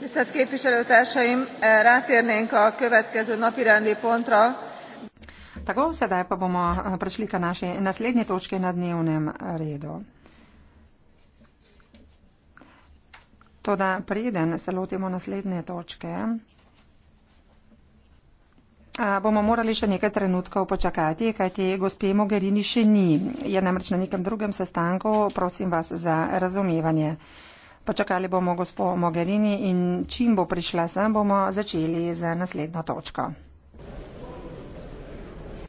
tisztelt képviselőtársaim eh, rátérnénk a következő napirendi pontra Tako, sedaj pa bomo eh, prišli k naši naslednji točki na dnevnem redu. Toda preden se lotimo naslednje točke, bomo morali še nekaj trenutkov počakati, kajti gospe Mogherini še ni. Je namreč na nekem drugem sestanku, prosim vas za razumevanje. Počakali bomo gospod Mogherini in čim bo prišla sem, bomo začeli z naslednjo točko.